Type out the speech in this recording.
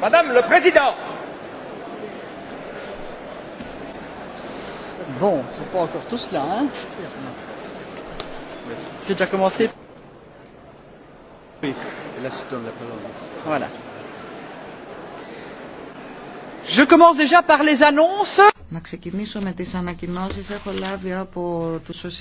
Madame le Président. Bon, c'est pas encore tout cela, hein J'ai déjà commencé. Oui, et là, je donne la parole. Voilà. Je commence déjà par les annonces. Να ξεκινήσω με τις ανακοινώσεις. Έχω λάβει